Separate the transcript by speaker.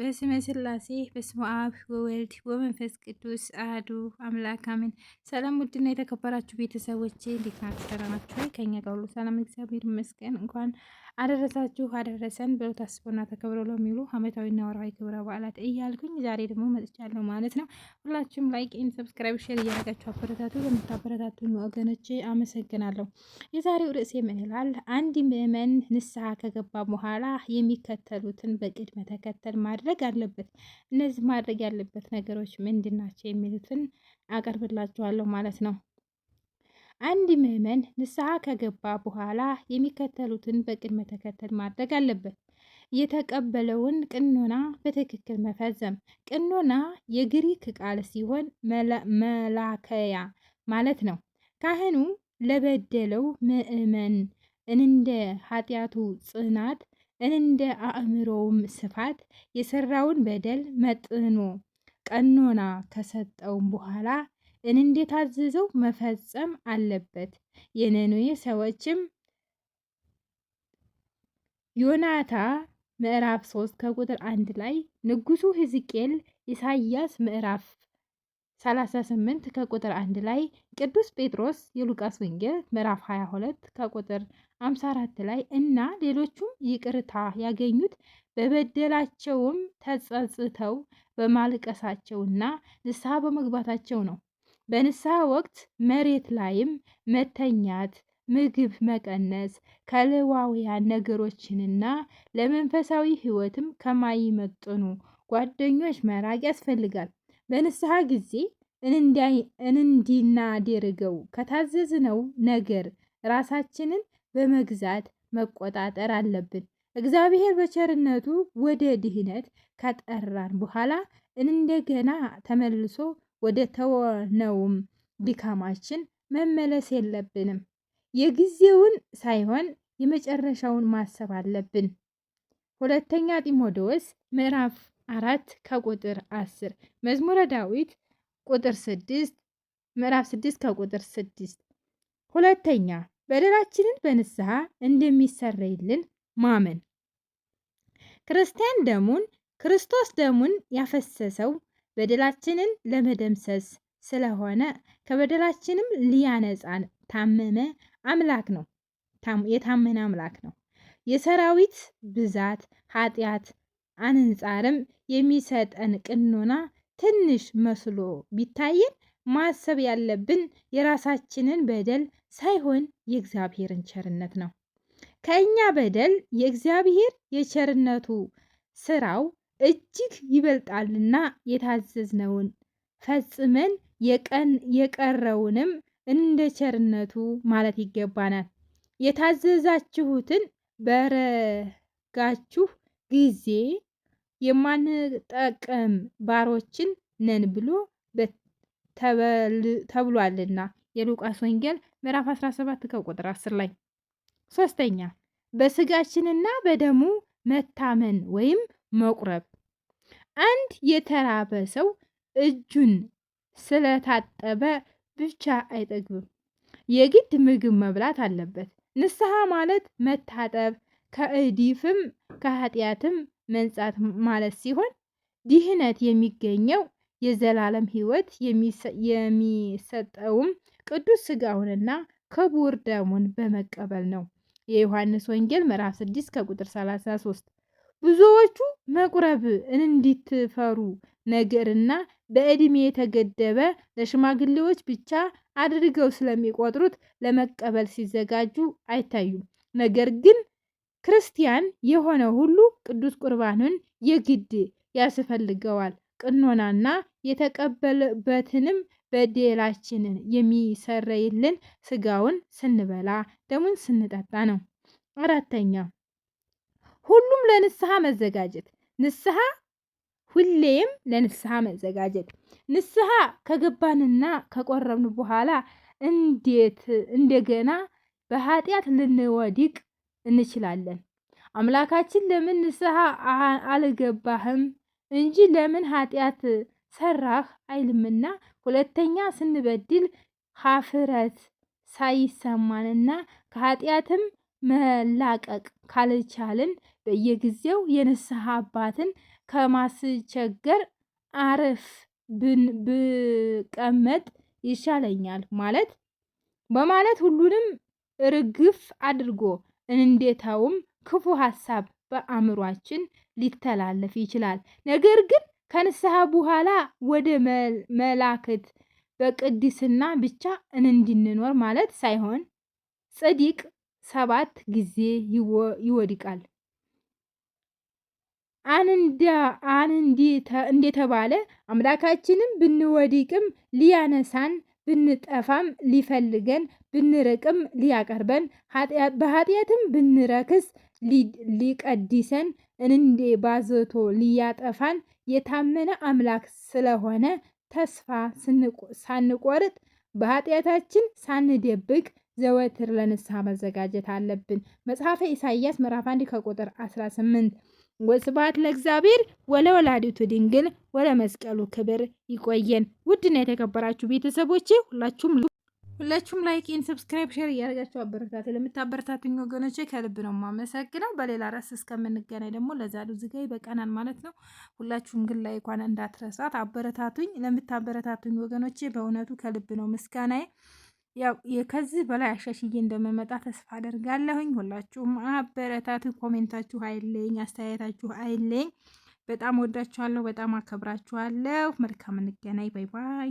Speaker 1: በስመ ስላሴ በስመ አብ ወወልድ ወመንፈስ ቅዱስ አህዱ አምላክ አሜን። ሰላም ውድና የተከበራችሁ ቤተሰቦቼ እንዴት ናችሁ? ደህና ናችሁ ከኛ ጋር ሁሉ ሰላም እግዚአብሔር ይመስገን። እንኳን አደረሳችሁ አደረሰን ብሎ ታስቦና ተከብሮ ለሚሉ ዓመታዊና ወርሃዊ ክብረ በዓላት እያልኩኝ ዛሬ ደግሞ መጥቻለሁ ማለት ነው። ሁላችሁም ላይክ፣ ኢን ሰብስክራይብ፣ ሼር እያደረጋችሁ አበረታቱ። ለምታበረታቱኝ ወገኖች አመሰግናለሁ። የዛሬው ርዕሴ ምን ይላል? አንድ ምዕመን ንስሐ ከገባ በኋላ የሚከተሉትን በቅድመ ተከተል ማድረግ አለበት። እነዚህ ማድረግ ያለበት ነገሮች ምንድን ናቸው የሚሉትን አቀርብላችኋለሁ ማለት ነው። አንድ ምዕመን ንስሐ ከገባ በኋላ የሚከተሉትን በቅድመ ተከተል ማድረግ አለበት። የተቀበለውን ቅኖና በትክክል መፈጸም። ቅኖና የግሪክ ቃል ሲሆን መላከያ ማለት ነው። ካህኑ ለበደለው ምዕመን እንደ ኃጢአቱ ጽናት እንደ አእምሮውም ስፋት የሰራውን በደል መጥኖ ቀኖና ከሰጠውም በኋላ አዝዘው መፈጸም አለበት። የነነዌ ሰዎችም ዮናታ ምዕራፍ 3 ከቁጥር 1 ላይ ንጉሱ ሕዝቅኤል ኢሳይያስ ምዕራፍ 38 ከቁጥር 1 ላይ ቅዱስ ጴጥሮስ የሉቃስ ወንጌል ምዕራፍ 22 ከቁጥር 54 ላይ እና ሌሎቹም ይቅርታ ያገኙት በበደላቸውም ተጸጽተው በማልቀሳቸውና ንስሐ በመግባታቸው ነው። በንስሐ ወቅት መሬት ላይም መተኛት፣ ምግብ መቀነስ ከለዋውያን ነገሮችንና ለመንፈሳዊ ሕይወትም ከማይመጥኑ ጓደኞች መራቅ ያስፈልጋል። በንስሐ ጊዜ እንዲናደርገው ከታዘዝነው ነገር ራሳችንን በመግዛት መቆጣጠር አለብን። እግዚአብሔር በቸርነቱ ወደ ድህነት ከጠራን በኋላ እንደገና ተመልሶ ወደ ተወነውም ድካማችን መመለስ የለብንም። የጊዜውን ሳይሆን የመጨረሻውን ማሰብ አለብን። ሁለተኛ ጢሞቴዎስ ምዕራፍ አራት ከቁጥር አስር መዝሙረ ዳዊት ቁጥር ስድስት ምዕራፍ ስድስት ከቁጥር ስድስት ሁለተኛ በደላችንን በንስሐ እንደሚሰረይልን ማመን ክርስቲያን ደሙን ክርስቶስ ደሙን ያፈሰሰው በደላችንን ለመደምሰስ ስለሆነ ከበደላችንም ሊያነጻን ታመመ አምላክ ነው። የታመነ አምላክ ነው። የሰራዊት ብዛት ኃጢአት አንጻርም የሚሰጠን ቅኖና ትንሽ መስሎ ቢታየን ማሰብ ያለብን የራሳችንን በደል ሳይሆን የእግዚአብሔርን ቸርነት ነው። ከእኛ በደል የእግዚአብሔር የቸርነቱ ስራው እጅግ ይበልጣልና የታዘዝነውን ፈጽመን የቀረውንም እንደ ቸርነቱ ማለት ይገባናል። የታዘዛችሁትን በረጋችሁ ጊዜ የማንጠቀም ባሮችን ነን ብሎ ተብሏልና የሉቃስ ወንጌል ምዕራፍ 17 ከቁጥር 10 ላይ። ሶስተኛ በስጋችንና በደሙ መታመን ወይም መቁረብ። አንድ የተራበ ሰው እጁን ስለታጠበ ብቻ አይጠግብም። የግድ ምግብ መብላት አለበት። ንስሐ ማለት መታጠብ ከእዲፍም ከኃጢአትም መንጻት ማለት ሲሆን ድህነት የሚገኘው የዘላለም ሕይወት የሚሰጠውም ቅዱስ ስጋውንና ክቡር ደሙን በመቀበል ነው። የዮሐንስ ወንጌል ምዕራፍ 6 ከቁጥር 33 ብዙዎቹ መቁረብ እንዲትፈሩ ነገርና በእድሜ የተገደበ ለሽማግሌዎች ብቻ አድርገው ስለሚቆጥሩት ለመቀበል ሲዘጋጁ አይታዩም። ነገር ግን ክርስቲያን የሆነ ሁሉ ቅዱስ ቁርባንን የግድ ያስፈልገዋል። ቅኖናና የተቀበልበትንም በደላችንን የሚሰረይልን ስጋውን ስንበላ ደሙን ስንጠጣ ነው። አራተኛው ሁሉም ለንስሐ መዘጋጀት ንስሐ ሁሌም ለንስሐ መዘጋጀት ንስሐ ከገባንና ከቆረብን በኋላ እንዴት እንደገና በኃጢአት ልንወድቅ እንችላለን? አምላካችን ለምን ንስሐ አልገባህም እንጂ ለምን ኃጢአት ሰራህ አይልምና ሁለተኛ ስንበድል ሀፍረት ሳይሰማንና ከኃጢአትም መላቀቅ ካልቻልን በየጊዜው የንስሐ አባትን ከማስቸገር አረፍ ብቀመጥ ይሻለኛል ማለት በማለት ሁሉንም ርግፍ አድርጎ እንዴታውም ክፉ ሀሳብ በአእምሯችን ሊተላለፍ ይችላል። ነገር ግን ከንስሐ በኋላ ወደ መላክት በቅድስና ብቻ እንድንኖር ማለት ሳይሆን ጽዲቅ ሰባት ጊዜ ይወድቃል። እንደተባለ አምላካችንም ብንወድቅም ሊያነሳን ብንጠፋም ሊፈልገን ብንርቅም ሊያቀርበን በኃጢአትም ብንረክስ ሊቀድሰን እንዴ ባዘቶ ሊያጠፋን የታመነ አምላክ ስለሆነ ተስፋ ሳንቆርጥ በኃጢአታችን ሳንደብቅ ዘወትር ለንስሐ መዘጋጀት አለብን። መጽሐፈ ኢሳይያስ ምዕራፍ 1 ከቁጥር 18። ወስብሐት ለእግዚአብሔር ወለወላዲቱ ድንግል ወለመስቀሉ ክብር። ይቆየን። ውድና የተከበራችሁ ቤተሰቦች ሁላችሁም ሁላችሁም ላይክን ሰብስክራይብ፣ ሼር እያደረጋችሁ አበረታቱ። ለምታበረታቱኝ ወገኖቼ ከልብ ነው የማመሰግነው። በሌላ ርዕስ እስከምንገናኝ ደግሞ ለዛሉ ዝጋ ይበቃናል ማለት ነው። ሁላችሁም ግን ላይኳን እንዳትረሳት አበረታቱኝ። ለምታበረታቱኝ ወገኖቼ በእውነቱ ከልብ ነው ምስጋናዬ። ያው ከዚህ በላይ አሻሽዬ እንደምመጣ ተስፋ አደርጋለሁኝ። ሁላችሁም አበረታቱ። ኮሜንታችሁ አይለኝ፣ አስተያየታችሁ አይለኝ። በጣም ወዳችኋለሁ፣ በጣም አከብራችኋለሁ። መልካም እንገናኝ። ባይ ባይ።